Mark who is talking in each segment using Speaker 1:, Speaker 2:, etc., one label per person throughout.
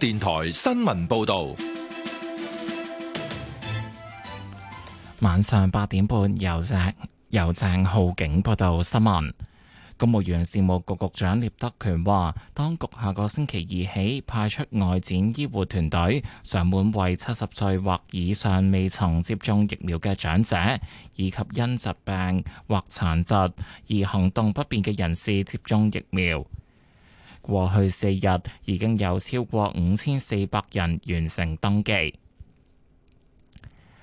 Speaker 1: 電台新聞報
Speaker 2: 道，晚上八點半由鄭由鄭浩景報道新聞。公務員事務局局長聶德權話，當局下個星期二起派出外展醫護團隊，上門為七十歲或以上未曾接種疫苗嘅長者，以及因疾病或殘疾而行動不便嘅人士接種疫苗。過去四日已經有超過五千四百人完成登記。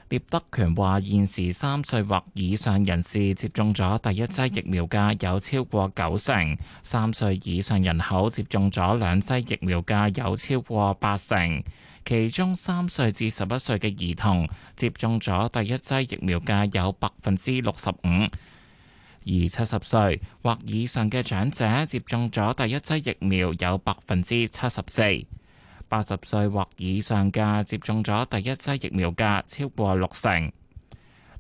Speaker 2: 聶德權話：現時三歲或以上人士接種咗第一劑疫苗嘅有超過九成，三歲以上人口接種咗兩劑疫苗嘅有超過八成，其中三歲至十一歲嘅兒童接種咗第一劑疫苗嘅有百分之六十五。而七十歲或以上嘅長者接種咗第一劑疫苗有，有百分之七十四；八十歲或以上嘅接種咗第一劑疫苗嘅超過六成。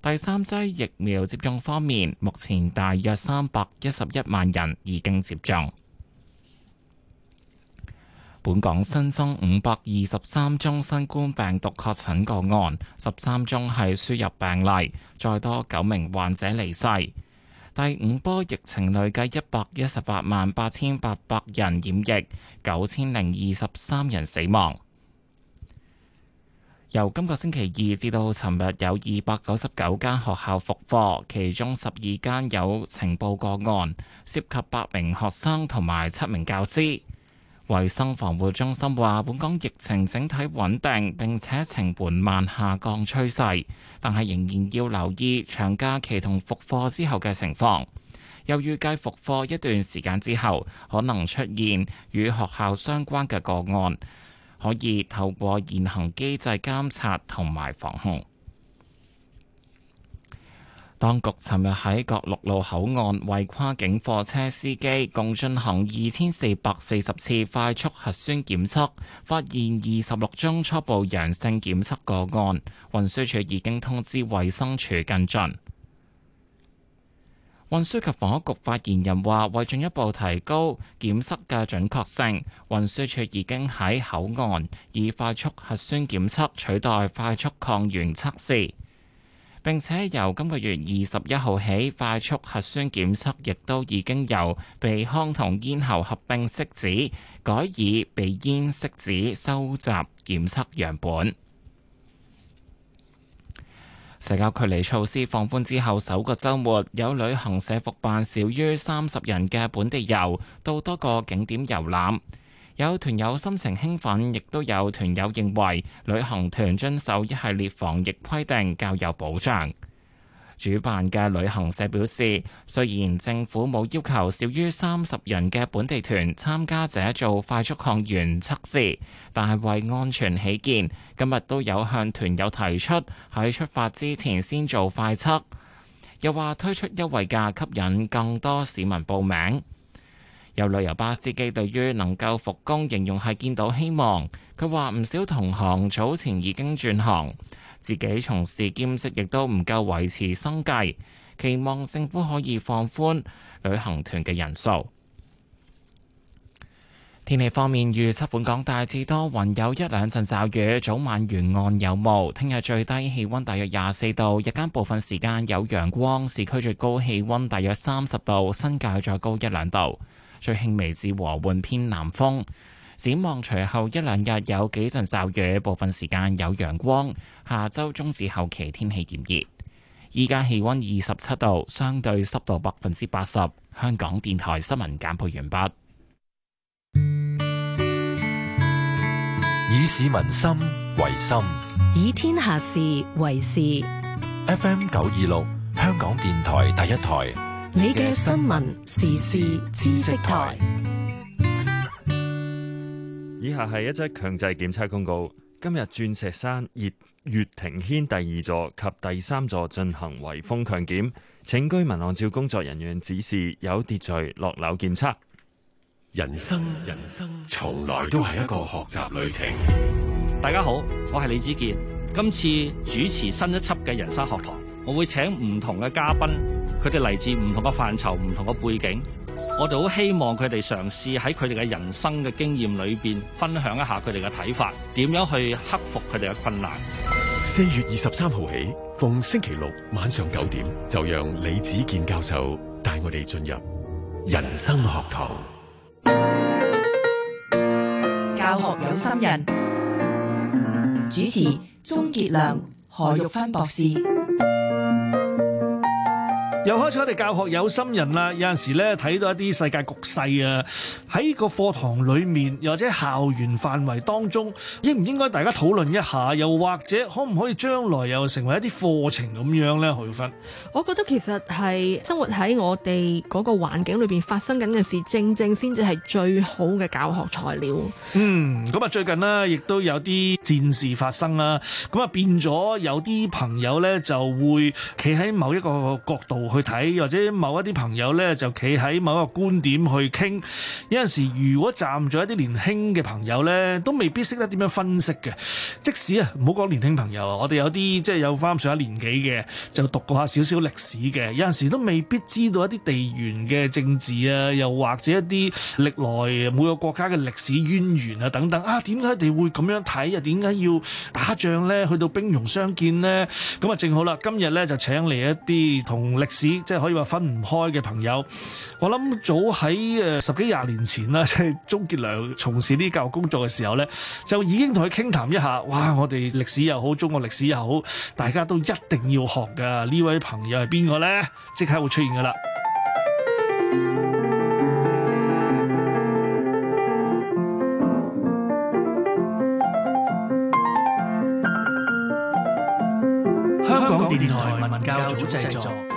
Speaker 2: 第三劑疫苗接種方面，目前大約三百一十一萬人已經接種。本港新增五百二十三宗新冠病毒確診個案，十三宗係輸入病例，再多九名患者離世。第五波疫情累計一百一十八萬八千八百人染疫，九千零二十三人死亡。由今個星期二至到尋日，有二百九十九間學校復課，其中十二間有情報個案，涉及八名學生同埋七名教師。衛生防護中心話，本港疫情整體穩定，並且呈緩慢下降趨勢，但係仍然要留意長假期同復課之後嘅情況。又預計復課一段時間之後，可能出現與學校相關嘅個案，可以透過現行機制監察同埋防控。當局尋日喺各陸路口岸為跨境貨車司機共進行二千四百四十次快速核酸檢測，發現二十六宗初步陽性檢測個案。運輸署已經通知衛生署跟進。運輸及房屋局發言人話：為進一步提高檢測嘅準確性，運輸署已經喺口岸以快速核酸檢測取代快速抗原測試。並且由今個月二十一號起，快速核酸檢測亦都已經由鼻腔同咽喉合併拭子，改以鼻咽拭子收集檢測樣本。社交距離措施放寬之後，首個週末有旅行社復辦少於三十人嘅本地遊，到多個景點遊覽。有團友心情興奮，亦都有團友認為旅行團遵守一系列防疫規定較有保障。主辦嘅旅行社表示，雖然政府冇要求少於三十人嘅本地團參加者做快速抗原測試，但係為安全起見，今日都有向團友提出喺出發之前先做快測。又話推出優惠價，吸引更多市民報名。有旅遊巴司機對於能夠復工，形容係見到希望。佢話唔少同行早前已經轉行，自己從事兼職亦都唔夠維持生計，期望政府可以放寬旅行團嘅人數。天氣方面預測，本港大致多雲，有一兩陣驟雨，早晚沿岸有霧。聽日最低氣温大約廿四度，日間部分時間有陽光，市區最高氣温大約三十度，新界再高一兩度。最輕微至和緩偏南風，展望隨後一兩日有幾陣驟雨，部分時間有陽光。下周中至後期天氣炎熱，依家氣温二十七度，相對濕度百分之八十。香港電台新聞簡報完畢。以市民心
Speaker 1: 為心，
Speaker 3: 以天下事為事。F. M.
Speaker 1: 九二六，香港電台第一台。
Speaker 3: 你嘅新聞時事知識台，
Speaker 1: 以下係一則強制檢測公告。今日鑽石山月月庭軒第二座及第三座進行圍封強檢，請居民按照工作人員指示，有秩序落樓檢測。人生人生從來都係一個學習旅程。大家好，我係李子健，今次主持新一輯嘅人生學堂，我會請唔同嘅嘉賓。佢哋嚟自唔同嘅範疇、唔同嘅背景，我哋好希望佢哋嘗試喺佢哋嘅人生嘅經驗裏邊分享一下佢哋嘅睇法，點樣去克服佢哋嘅困難。四月二十三號起，逢星期六晚上九點，就讓李子健教授帶我哋進入人生學堂。
Speaker 3: 教學有心人，主持鍾傑良、何玉芬博士。
Speaker 1: 又開始我哋教學有心人啦，有陣時咧睇到一啲世界局勢啊，喺個課堂裏面又或者校園範圍當中，應唔應該大家討論一下？又或者可唔可以將來又成為一啲課程咁樣咧？何校長，
Speaker 3: 我覺得其實係生活喺我哋嗰個環境裏邊發生緊嘅事，正正先至係最好嘅教學材料。
Speaker 1: 嗯，咁啊，最近咧亦都有啲戰事發生啦，咁啊變咗有啲朋友咧就會企喺某一個角度去去睇，或者某一啲朋友咧就企喺某一個觀點去傾，有陣時如果站住一啲年輕嘅朋友咧，都未必識得點樣分析嘅。即使啊，唔好講年輕朋友啊，我哋有啲即係有翻咁上下年紀嘅，就讀過下少少歷史嘅，有陣時都未必知道一啲地緣嘅政治啊，又或者一啲歷來每個國家嘅歷史淵源啊等等啊，點解佢哋會咁樣睇啊？點解要打仗咧？去到兵戎相見咧？咁啊，正好啦，今日咧就請嚟一啲同歷史。即係可以話分唔開嘅朋友，我諗早喺誒十幾廿年前啦，即係鍾杰良從事呢教育工作嘅時候咧，就已經同佢傾談一下。哇！我哋歷史又好，中國歷史又好，大家都一定要學噶。呢位朋友係邊個咧？即刻會出現噶啦！
Speaker 3: 香港電台文教組製作。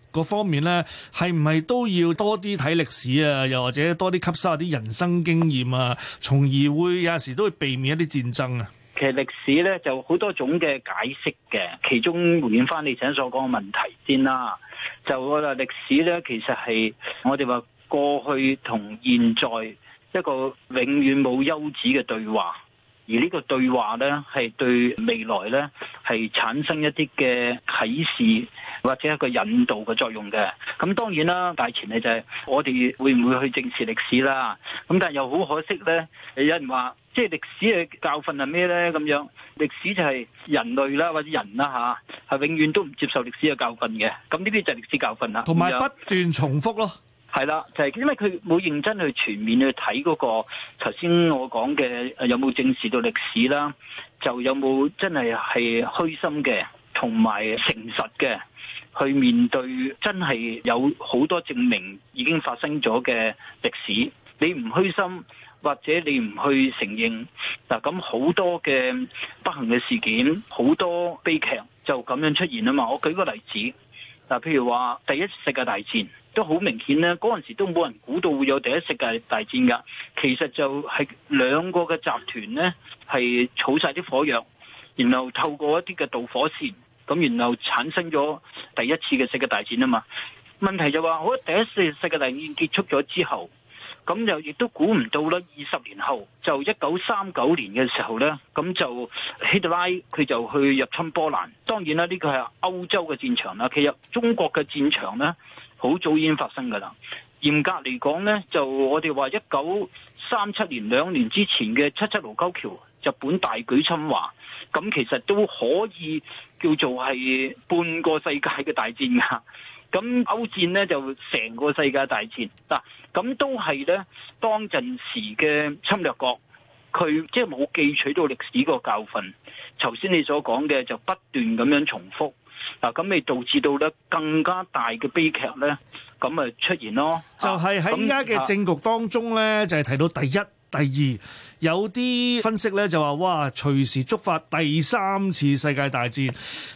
Speaker 1: 嗰方面咧，係唔係都要多啲睇歷史啊？又或者多啲吸收下啲人生經驗啊，從而會有時都會避免一啲戰爭
Speaker 4: 啊。其實歷史咧就好多種嘅解釋嘅，其中回應翻你前所講嘅問題先啦。就我話歷史咧，其實係我哋話過去同現在一個永遠冇休止嘅對話。而呢個對話咧，係對未來咧係產生一啲嘅啟示，或者一個引導嘅作用嘅。咁當然啦，大前提就係我哋會唔會去正視歷史啦？咁但係又好可惜咧，有人話即係歷史嘅教訓係咩咧？咁樣歷史就係人類啦，或者人啦吓，係、啊、永遠都唔接受歷史嘅教訓嘅。咁呢啲就係歷史教訓啦，同埋不
Speaker 1: 斷重複咯。
Speaker 4: 係啦，就係因為佢冇認真去全面去睇嗰個，頭先我講嘅有冇正視到歷史啦，就有冇真係係虛心嘅，同埋誠實嘅去面對，真係有好多證明已經發生咗嘅歷史。你唔虛心或者你唔去承認嗱，咁好多嘅不幸嘅事件，好多悲劇就咁樣出現啊嘛。我舉個例子，嗱，譬如話第一次世界大戰。都好明顯咧，嗰陣時都冇人估到會有第一世界大戰噶。其實就係兩個嘅集團咧，係儲晒啲火藥，然後透過一啲嘅導火線，咁然後產生咗第一次嘅世界大戰啊嘛。問題就話，好喇，第一次世界大戰結束咗之後，咁就亦都估唔到啦。二十年後就一九三九年嘅時候咧，咁就希特拉佢就去入侵波蘭。當然啦，呢個係歐洲嘅戰場啦。其實中國嘅戰場咧。好早已經發生噶啦，嚴格嚟講呢，就我哋話一九三七年兩年之前嘅七七盧溝橋日本大舉侵華，咁其實都可以叫做係半個世界嘅大戰呀。咁歐戰呢，就成個世界大戰嗱，咁都係呢，當陣時嘅侵略國，佢即係冇記取到歷史個教訓，頭先你所講嘅就不斷咁樣重複。嗱，咁咪、啊、導致到咧更加大嘅悲劇咧，咁咪出現咯。啊、就係喺而家嘅政
Speaker 1: 局當中咧，就係、係、提到第一、第二，有啲分析咧就話哇，隨時觸發第三次世界大戰。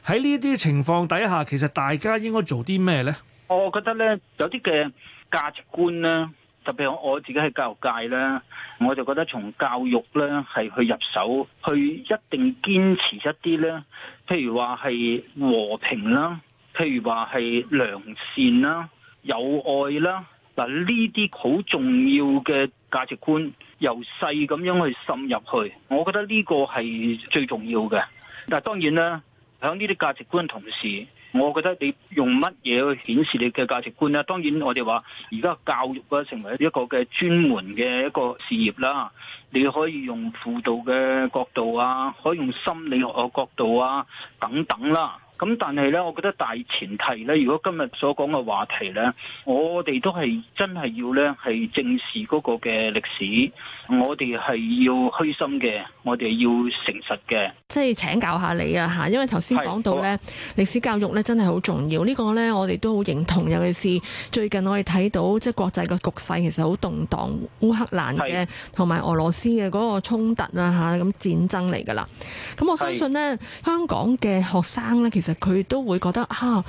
Speaker 1: 喺呢啲情況底下，其實大家應該做啲咩咧？
Speaker 4: 我覺得咧，有啲嘅價值觀咧，特別我我自己喺教育界咧，我就覺得從教育咧係去入手，去一定堅持一啲咧。譬如話係和平啦，譬如話係良善啦，有愛啦，嗱呢啲好重要嘅價值觀，由細咁樣去滲入去，我覺得呢個係最重要嘅。但，當然啦，響呢啲價值觀同時。我覺得你用乜嘢去顯示你嘅價值觀呀？當然，我哋話而家教育啊成為一個嘅專門嘅一個事業啦。你可以用輔導嘅角度啊，可以用心理學嘅角度啊，等等啦。咁但係咧，我覺得大前提咧，如果今日所講嘅話題咧，我哋都係真係要咧，係正視嗰個嘅歷史。我哋係要虛心嘅，我哋要誠實嘅。
Speaker 3: 即係請教下你啊，吓，因為頭先講到咧，歷史教育咧真係好重要。呢好個咧，我哋都好認同。尤其是最近我哋睇到即係國際嘅局勢其實好動蕩，烏克蘭嘅同埋俄羅斯嘅嗰個衝突啊吓，咁戰爭嚟噶啦㗎啦。咁我相信咧，是香港嘅學生咧其實。其實佢都會覺得啊，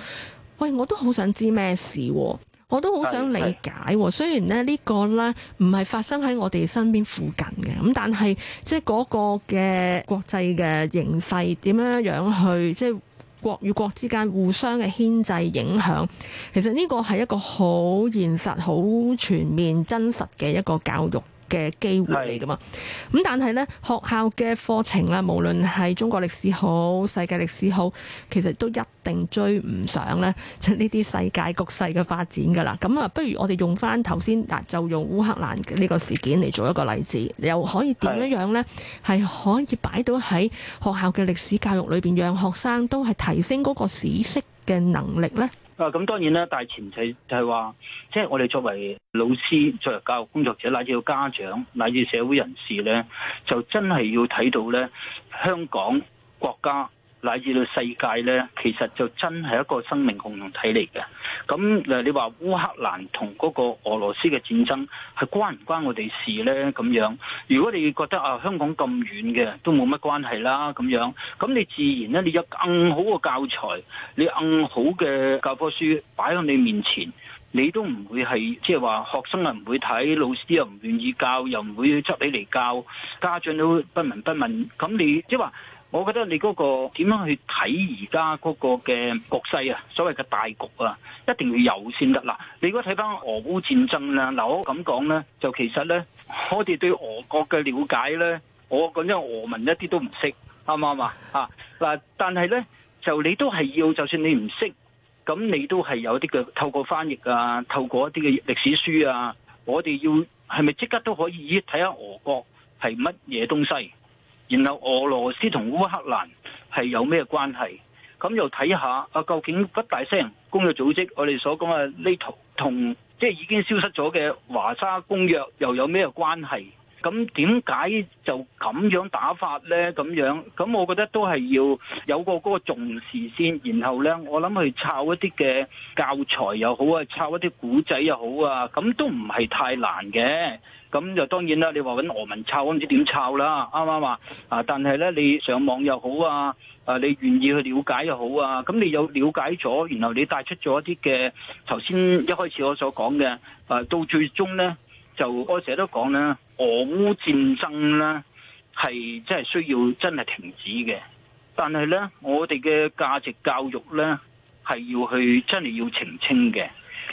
Speaker 3: 喂，我都好想知咩事啊，我都好想理解啊。雖然呢呢個呢唔係發生喺我哋身邊附近嘅，咁但係即係嗰個嘅國際嘅形勢點樣樣去，即係國與國之間互相嘅牽制影響。其實呢個係一個好現實、好全面、真實嘅一個教育。嘅機會嚟噶嘛？咁但係呢，學校嘅課程啦，無論係中國歷史好、世界歷史好，其實都一定追唔上呢，即係呢啲世界局勢嘅發展噶啦。咁啊，不如我哋用翻頭先嗱，就用烏克蘭呢個事件嚟做一個例子，又可以點樣樣呢？係可以擺到喺學校嘅歷史教育裏邊，讓學生都係提升嗰個史識嘅能力呢？
Speaker 4: 啊，咁當然啦，但係前提就係話，即係我哋作為老師，作為教育工作者，乃至到家長，乃至社會人士咧，就真係要睇到咧香港國家。乃至到世界咧，其實就真係一個生命共同體嚟嘅。咁誒，你話烏克蘭同嗰個俄羅斯嘅戰爭係關唔關我哋事咧？咁樣，如果你覺得啊香港咁遠嘅都冇乜關係啦，咁樣，咁你自然咧，你有更好嘅教材，你更好嘅教科書擺喺你面前，你都唔會係即係話學生又唔會睇，老師又唔願意教，又唔會執你嚟教，家長都不聞不問。咁你即係話。我覺得你嗰個點樣去睇而家嗰個嘅局勢啊，所謂嘅大局啊，一定要有先得啦。你如果睇翻俄烏戰爭啦、啊，嗱我咁講咧，就其實咧，我哋對俄國嘅了解咧，我講因為俄文一啲都唔識，啱唔啱啊？啊，嗱，但係咧，就你都係要，就算你唔識，咁你都係有啲嘅透過翻譯啊，透過一啲嘅歷史書啊，我哋要係咪即刻都可以睇下俄國係乜嘢東西？然後俄羅斯同烏克蘭係有咩關係？咁又睇下啊，究竟北大西洋公約組織，我哋所講嘅呢套同即係已經消失咗嘅華沙公約又有咩關係？咁點解就咁樣打法呢？咁樣咁，我覺得都係要有個嗰個重視先。然後呢，我諗去抄一啲嘅教材又好啊，抄一啲古仔又好啊，咁都唔係太難嘅。咁就當然啦！你話揾俄文抄，我唔知點抄啦，啱唔啱話？啊，但係咧，你上網又好啊，啊，你願意去了解又好啊。咁你有了解咗，然後你帶出咗一啲嘅頭先一開始我所講嘅，啊，到最終咧，就我成日都講咧，俄烏戰爭咧係真係需要真係停止嘅。但係咧，我哋嘅價值教育咧係要去真係要澄清嘅。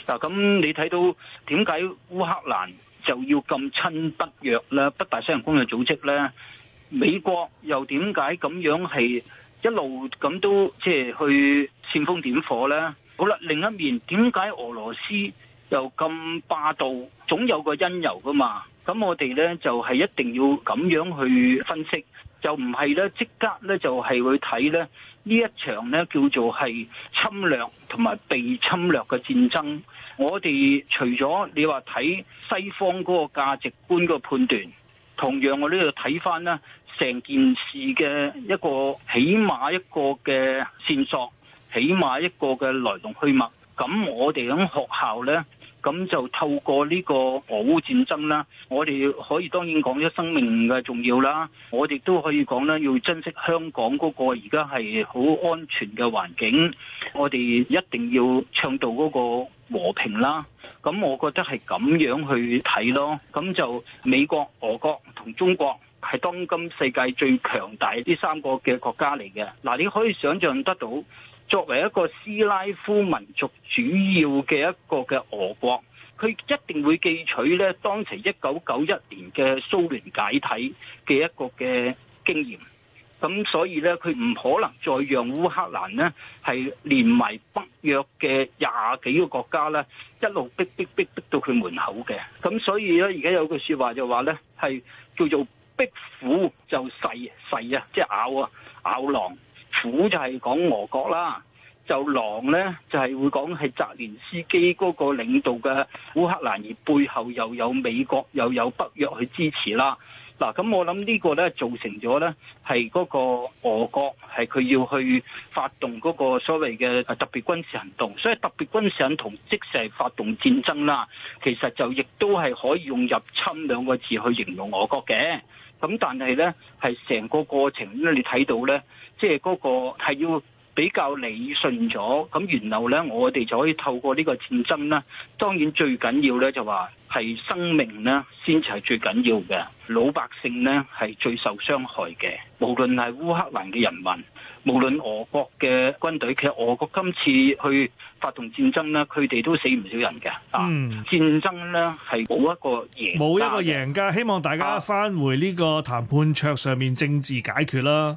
Speaker 4: 嗱，啊，咁你睇到點解烏克蘭？就要咁親北約啦，北大西洋公約組織咧，美國又點解咁樣係一路咁都即係去煽風點火咧？好啦，另一面點解俄羅斯又咁霸道？總有個因由噶嘛？咁我哋咧就係一定要咁樣去分析，就唔係咧即刻咧就係去睇咧呢一場咧叫做係侵略同埋被侵略嘅戰爭。我哋除咗你話睇西方嗰個價值觀個判斷，同樣我呢度睇翻咧成件事嘅一個起碼一個嘅線索起碼一個嘅來龍去脈。咁我哋響學校咧。咁就透過呢個俄烏戰爭啦，我哋可以當然講咗生命嘅重要啦，我哋都可以講啦，要珍惜香港嗰個而家係好安全嘅環境，我哋一定要倡導嗰個和平啦。咁我覺得係咁樣去睇咯。咁就美國、俄國同中國係當今世界最強大呢三個嘅國家嚟嘅。嗱，你可以想象得到。作為一個斯拉夫民族主要嘅一個嘅俄國，佢一定會記取咧當時一九九一年嘅蘇聯解體嘅一個嘅經驗。咁所以咧，佢唔可能再讓烏克蘭咧係連埋北約嘅廿幾個國家咧一路逼逼逼逼到佢門口嘅。咁所以咧，而家有句説話就話咧，係叫做逼虎就細細啊，即係咬啊咬狼。虎就係講俄國啦，就狼咧就係會講係澤連斯基嗰個領導嘅烏克蘭，而背後又有美國又有北約去支持啦。嗱，咁我諗呢個咧造成咗咧係嗰個俄國係佢要去發動嗰個所謂嘅特別軍事行動，所以特別軍事行動即使係發動戰爭啦，其實就亦都係可以用入侵兩個字去形容俄國嘅。咁但係呢係成個過程，因你睇到呢，即係嗰個係要比較理順咗。咁然後呢，我哋就可以透過呢個戰爭咧，當然最緊要呢就話係生命呢先至係最緊要嘅。老百姓呢係最受傷害嘅，無論係烏克蘭嘅人民。無論俄國嘅軍隊，其實俄國今次去發動戰爭呢，佢哋都死唔少人嘅啊！嗯、戰爭呢係冇一個贏，
Speaker 1: 冇一個贏家，希望大家返回呢個談判桌上面政治解決啦。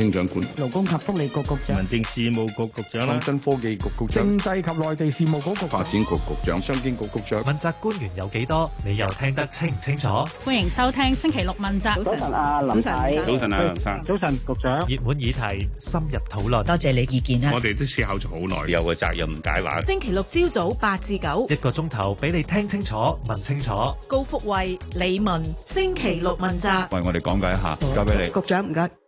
Speaker 1: 行政長官、勞工及福利局局長、民政事務局局長、創新科技局局長、政制及內地事務局局長、發展局局長、商經局局長，問責官員有幾多？你又聽得清唔清楚？
Speaker 3: 歡迎收聽星期六問責。早晨，阿林仔。早晨，阿林
Speaker 2: 生。早晨，局長。熱門議題，深入討論。多謝你意見啊！我哋都思考咗好耐，有嘅責任解畫。星
Speaker 3: 期六朝早八至九，一
Speaker 1: 個鐘頭俾你聽清楚、問清楚。
Speaker 3: 高福慧、李文，星期六問責。
Speaker 1: 為我哋講解一下，交俾你，局長唔該。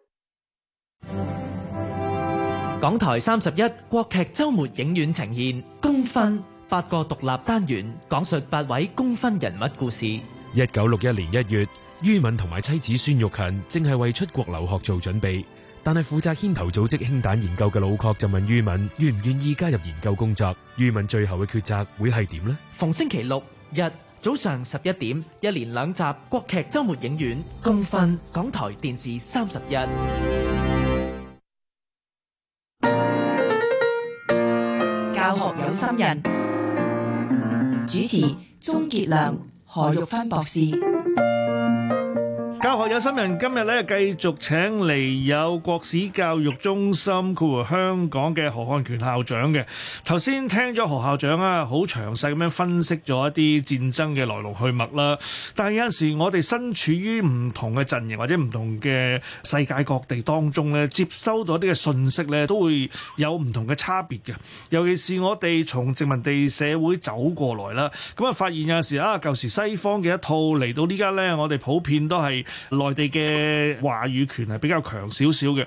Speaker 1: 港台三十一國劇周末影院呈現《功勳》八個獨立單元，講述八位功勳人物故事。一九六一年一月，于敏同埋妻子孫玉芹正係為出國留學做準備，但係負責牽頭組織氫彈研究嘅老確就問于敏願唔願意加入研究工作。于敏最後嘅抉擇會係點呢？
Speaker 3: 逢星期六日早上十一點，一連兩集國劇周末影院《功勳》，港台電視三十一。主持：鍾杰良、何玉芬博士。
Speaker 1: 教學有心人，今日咧繼續請嚟有國史教育中心括弧香港嘅何漢權校長嘅。頭先聽咗何校長啊，好詳細咁樣分析咗一啲戰爭嘅來龍去脈啦。但係有陣時我哋身處於唔同嘅陣營或者唔同嘅世界各地當中咧，接收到一啲嘅信息咧，都會有唔同嘅差別嘅。尤其是我哋從殖民地社會走過來啦，咁啊發現有陣時啊，舊時西方嘅一套嚟到呢家咧，我哋普遍都係。內地嘅話語權係比較強少少嘅，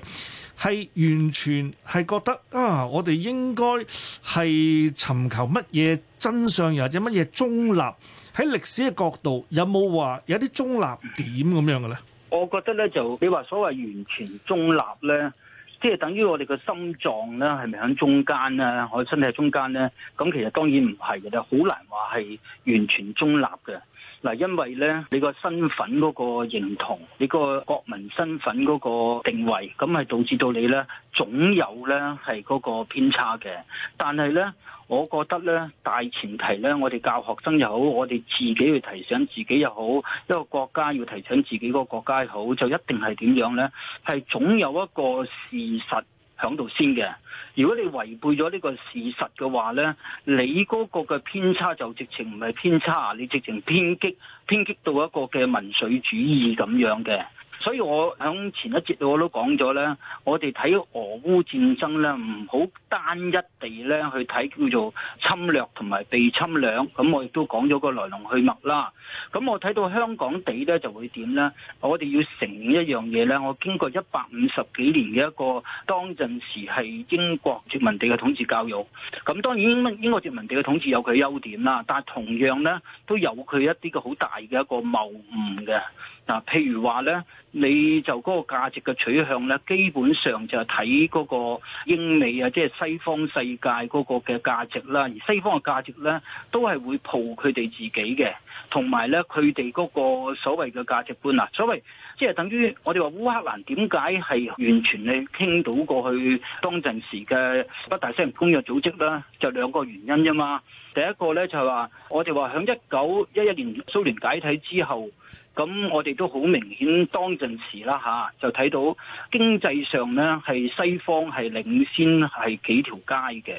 Speaker 1: 係完全係覺得啊，我哋應該係尋求乜嘢真相又或者乜嘢中立？喺歷史嘅角度，有冇話有啲中立點咁樣嘅咧？
Speaker 4: 我覺得咧就，你話所謂完全中立咧，即係等於我哋嘅心臟咧，係咪喺中間咧？我嘅身體喺中間咧？咁其實當然唔係嘅咧，好難話係完全中立嘅。嗱，因為咧，你個身份嗰個認同，你個國民身份嗰個定位，咁係導致到你咧，總有咧係嗰個偏差嘅。但係咧，我覺得咧，大前提咧，我哋教學生又好，我哋自己去提醒自己又好，一個國家要提醒自己個國家又好，就一定係點樣咧？係總有一個事實。響度先嘅，如果你違背咗呢個事實嘅話咧，你嗰個嘅偏差就直情唔係偏差，你直情偏激，偏激到一個嘅民粹主義咁樣嘅。所以我喺前一節我都講咗咧，我哋睇俄烏戰爭咧，唔好單一地咧去睇叫做侵略同埋被侵略。咁我亦都講咗個來龍去脈啦。咁我睇到香港地咧就會點咧？我哋要承認一樣嘢咧，我經過一百五十幾年嘅一個當陣時係英國殖民地嘅統治教育。咁當然英國英國殖民地嘅統治有佢優點啦，但係同樣咧都有佢一啲嘅好大嘅一個謬誤嘅。嗱，譬如話咧，你就嗰個價值嘅取向咧，基本上就係睇嗰個英美啊，即、就、係、是、西方世界嗰個嘅價值啦。而西方嘅價值咧，都係會抱佢哋自己嘅，同埋咧佢哋嗰個所謂嘅價值觀啊。所謂即係、就是、等於我哋話烏克蘭點解係完全係傾到過去當陣時嘅北大西洋公約組織啦，就是、兩個原因啫嘛。第一個咧就係話，我哋話響一九一一年蘇聯解體之後。咁我哋都好明顯，當陣時啦嚇，就睇到經濟上咧係西方係領先係幾條街嘅。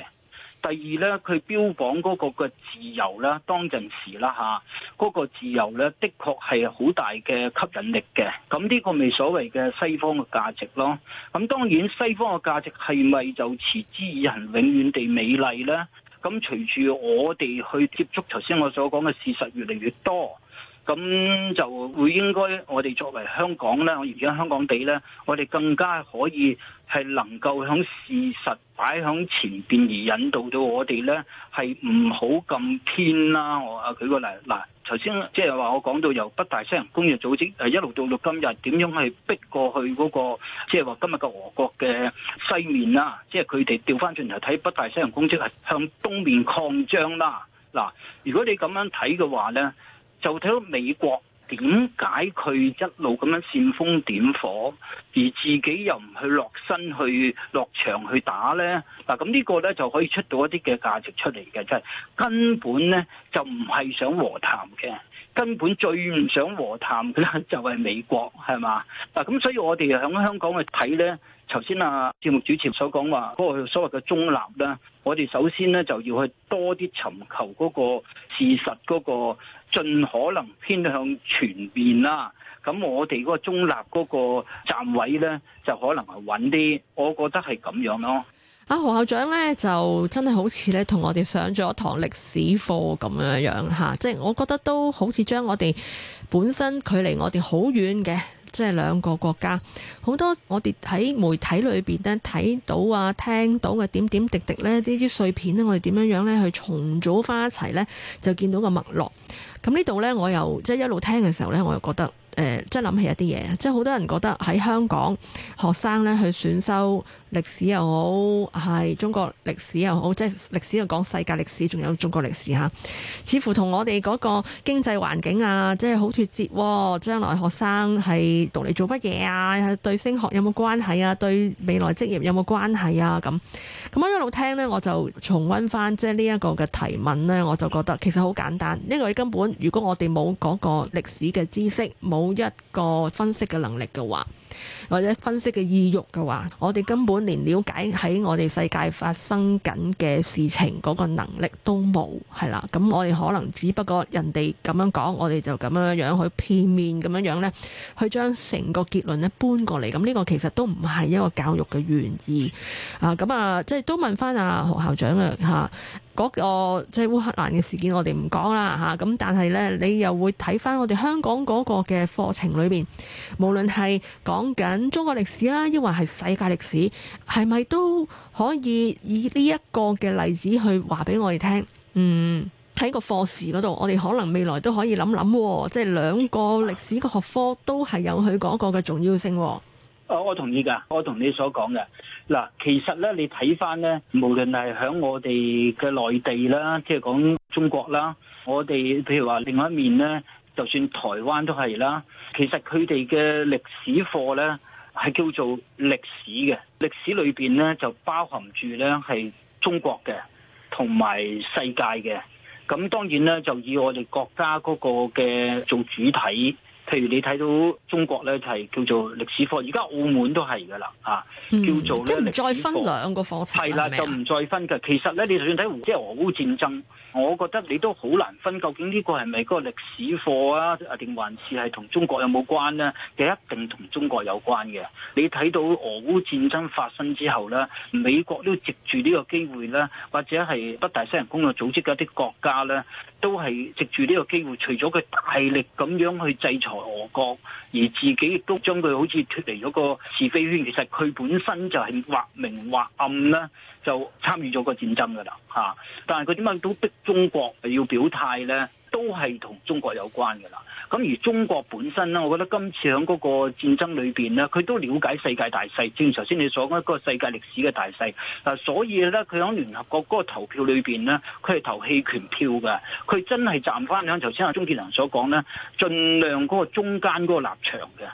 Speaker 4: 第二咧，佢標榜嗰個個自由啦，當陣時啦嚇，嗰個自由咧，的確係好大嘅吸引力嘅。咁呢個咪所謂嘅西方嘅價值咯？咁當然，西方嘅價值係咪就持之以恒、永遠地美麗咧？咁隨住我哋去接觸頭先我所講嘅事實越嚟越多。咁就會應該，我哋作為香港咧，我而家香港地咧，我哋更加可以係能夠響事實擺響前邊，而引導到我哋咧係唔好咁偏啦。我啊舉個例，嗱，頭先即係話我講到由北大西洋工業組織誒一路到到今日，點樣去逼過去嗰個即係話今日嘅俄國嘅西面啦，即係佢哋調返轉頭睇北大西洋工業組織係向東面擴張啦。嗱，如果你咁樣睇嘅話咧。就睇到美國點解佢一路咁樣煽風點火，而自己又唔去落身去落場去打呢？嗱，咁呢個呢就可以出到一啲嘅價值出嚟嘅，就係根本呢，就唔係想和談嘅，根本最唔想和談嘅呢就係美國，係嘛？嗱，咁所以我哋喺香港去睇呢，頭先啊節目主持所講話嗰個所謂嘅中立呢，我哋首先呢，就要去多啲尋求嗰個事實嗰個，盡可能偏向全面啦，咁我哋嗰個中立嗰個站位呢，就可能係穩啲。我覺得係咁樣咯。
Speaker 3: 啊，何校長呢，就真係好似呢同我哋上咗堂歷史課咁樣樣嚇，即係我覺得都好似將我哋本身距離我哋好遠嘅。即係兩個國家，好多我哋喺媒體裏邊咧睇到啊、聽到嘅點點滴滴咧，呢啲碎片咧，我哋點樣樣咧去重組返一齊咧，就見到個脈絡。咁呢度咧，我又即係一路聽嘅時候咧，我又覺得誒、呃，即係諗起一啲嘢，即係好多人覺得喺香港學生咧去選修。歷史又好，係中國歷史又好，即係歷史又講世界歷史，仲有中國歷史嚇。似乎同我哋嗰個經濟環境啊，即係好脱節啊。將來學生係讀嚟做乜嘢啊？對升學有冇關係啊？對未來職業有冇關係啊？咁咁一路聽呢，我就重温翻即係呢一個嘅提問呢，我就覺得其實好簡單。因為根本如果我哋冇嗰個歷史嘅知識，冇一個分析嘅能力嘅話，或者分析嘅意欲嘅話，我哋根本連了解喺我哋世界發生緊嘅事情嗰個能力都冇，係啦。咁我哋可能只不過人哋咁樣講，我哋就咁樣樣去片面咁樣樣咧，去將成個結論咧搬過嚟。咁呢個其實都唔係一個教育嘅原意啊。咁啊，即係都問翻阿何校長啊吓。嗰、那個即係烏克蘭嘅事件我，我哋唔講啦吓。咁但係呢，你又會睇翻我哋香港嗰個嘅課程裏面，無論係講緊中國歷史啦，抑或係世界歷史，係咪都可以以呢一個嘅例子去話俾我哋聽？嗯，喺個課時嗰度，我哋可能未來都可以諗諗，即係兩個歷史嘅學科都係有佢嗰個嘅重要性。
Speaker 4: 我我同意噶，我同你所講嘅嗱，其實咧你睇返咧，無論係喺我哋嘅內地啦，即係講中國啦，我哋譬如話另外一面咧，就算台灣都係啦，其實佢哋嘅歷史課咧係叫做歷史嘅，歷史裏邊咧就包含住咧係中國嘅同埋世界嘅，咁當然咧就以我哋國家嗰個嘅做主體。譬如你睇到中國咧，就係、是、叫做歷史課，而家澳門都係噶啦，啊，叫做、嗯、即唔再分兩個課程，係啦的，就唔再分嘅。其實咧，你就算睇即係俄烏戰爭，我覺得你都好難分究竟呢個係咪嗰個歷史課啊，定還是係同中國有冇關咧？係一定同中國有關嘅。你睇到俄烏戰爭發生之後咧，美國都藉住呢個機會咧，或者係北大西洋公約組織嘅一啲國家咧，都係藉住呢個機會，除咗佢大力咁樣去制裁。俄國而自己亦都將佢好似脫離咗個是非圈，其實佢本身就係或明或暗咧，就參與咗個戰爭噶啦。吓，但係佢點解都逼中國要表態咧，都係同中國有關噶啦。咁而中國本身咧，我覺得今次響嗰個戰爭裏邊咧，佢都了解世界大勢，正如頭先你所講嗰個世界歷史嘅大勢。嗱、啊，所以咧，佢響聯合國嗰個投票裏邊咧，佢係投棄權票嘅。佢真係站翻響頭先阿鍾建良所講咧，盡量嗰個中間嗰個立場嘅。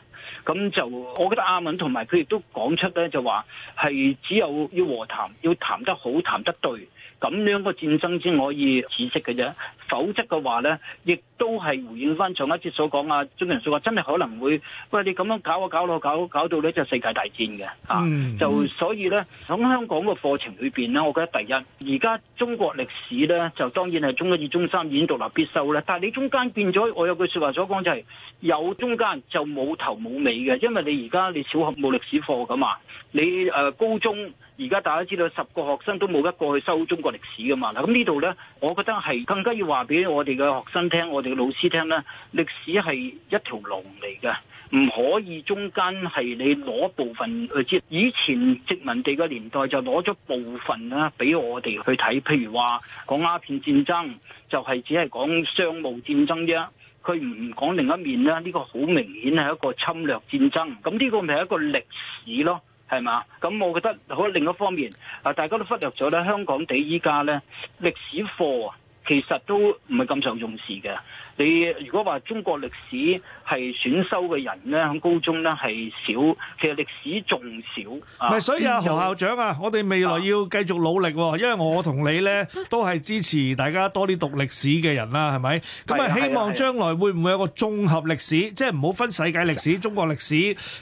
Speaker 4: 咁就我覺得阿敏同埋佢亦都講出咧，就話係只有要和談，要談得好、談得對，咁樣個戰爭先可以止息嘅啫。否則嘅話咧，亦都係回應翻上一節所講啊，中年人說話真係可能會喂，你咁樣搞啊搞咯，搞、啊搞，啊、搞到咧就世界大戰嘅嚇、mm hmm. 啊，就所以咧響香港個課程裏邊咧，我覺得第一而家中國歷史咧就當然係中一至、中三已經獨立必修啦，但係你中間變咗，我有句説話所講就係有中間就冇頭冇尾嘅，因為你而家你小學冇歷史課噶嘛，你誒高中而家大家知道十個學生都冇一個去修中國歷史噶嘛，咁呢度咧，我覺得係更加要話俾我哋嘅學生聽，我哋。老師聽咧，歷史係一條龍嚟嘅，唔可以中間係你攞部分。以前殖民地嘅年代就攞咗部分啦，俾我哋去睇。譬如話講鴉片戰爭，就係只係講商務戰爭啫，佢唔唔講另一面咧。呢個好明顯係一個侵略戰爭。咁呢個咪係一個歷史咯，係嘛？咁我覺得好。另一方面啊，大家都忽略咗咧，香港地依家咧歷史課其實都唔係咁受重視嘅。你如果話中國歷史係選修嘅人咧，喺高中咧係少，其實歷史仲少。唔係，所以阿何校
Speaker 1: 長啊，我哋未來要繼續努力，因為我同你咧都係支持大家多啲讀歷史嘅人啦，係咪？咁啊，希望將來會唔會有個綜合歷史，即係唔好分世界歷史、中國歷史，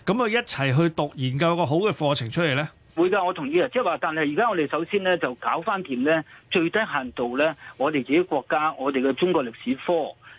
Speaker 1: 咁啊一齊去讀研究一個好嘅課程出嚟咧。
Speaker 4: 會噶，我同意啊，即係話，但係而家我哋首先咧就搞翻掂咧，最低限度咧，我哋自己國家，我哋嘅中國歷史科，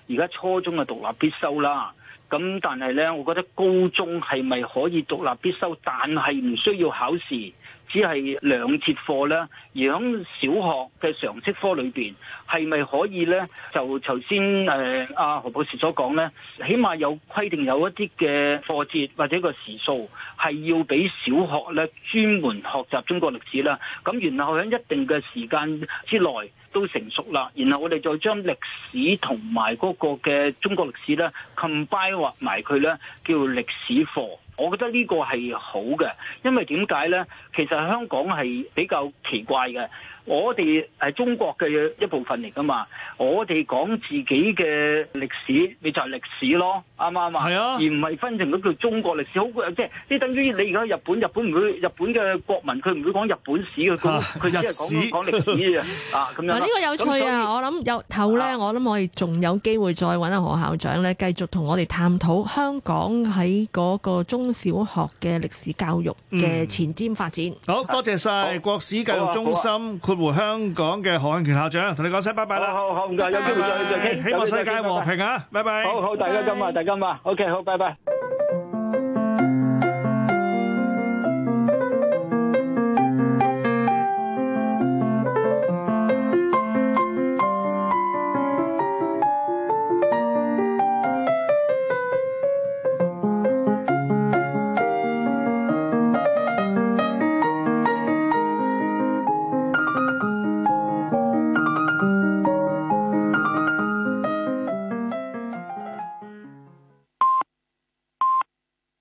Speaker 4: 而家初中就獨立必修啦。咁但係咧，我覺得高中係咪可以獨立必修，但係唔需要考試。只係兩節課咧，而響小學嘅常識科裏邊係咪可以咧？就頭先誒阿何博士所講咧，起碼有規定有一啲嘅課節或者個時數係要俾小學咧專門學習中國歷史啦。咁然後響一定嘅時間之內都成熟啦，然後我哋再將歷史同埋個嘅中國歷史咧 combine 埋佢咧，it, 叫做歷史課。我覺得呢個係好嘅，因為點解咧？其實香港係比較奇怪嘅。我哋係中國嘅一部分嚟㗎嘛，我哋講自己嘅歷史，你就係歷史咯，啱唔啱啊？係啊，而唔係分成嗰條中國歷史，好即係你等於你而家日本，日本唔會日本嘅國民，佢唔會講日本史嘅，佢佢即係講講歷史嘅啊，咁樣。嗱，呢個有趣啊！我
Speaker 3: 諗有後咧，我諗我哋仲有機會再揾阿何校長咧，繼續同我哋探討香港喺嗰個中小學嘅歷史教育嘅前瞻發展。
Speaker 1: 好多謝晒國史教育中心。回香港嘅何漢權校長，同你講聲拜拜啦。好好唔該，有機會再再傾，再希望世界和平啊！聊拜拜。好好大，大家今日大家今晚，OK，好，拜拜。Bye.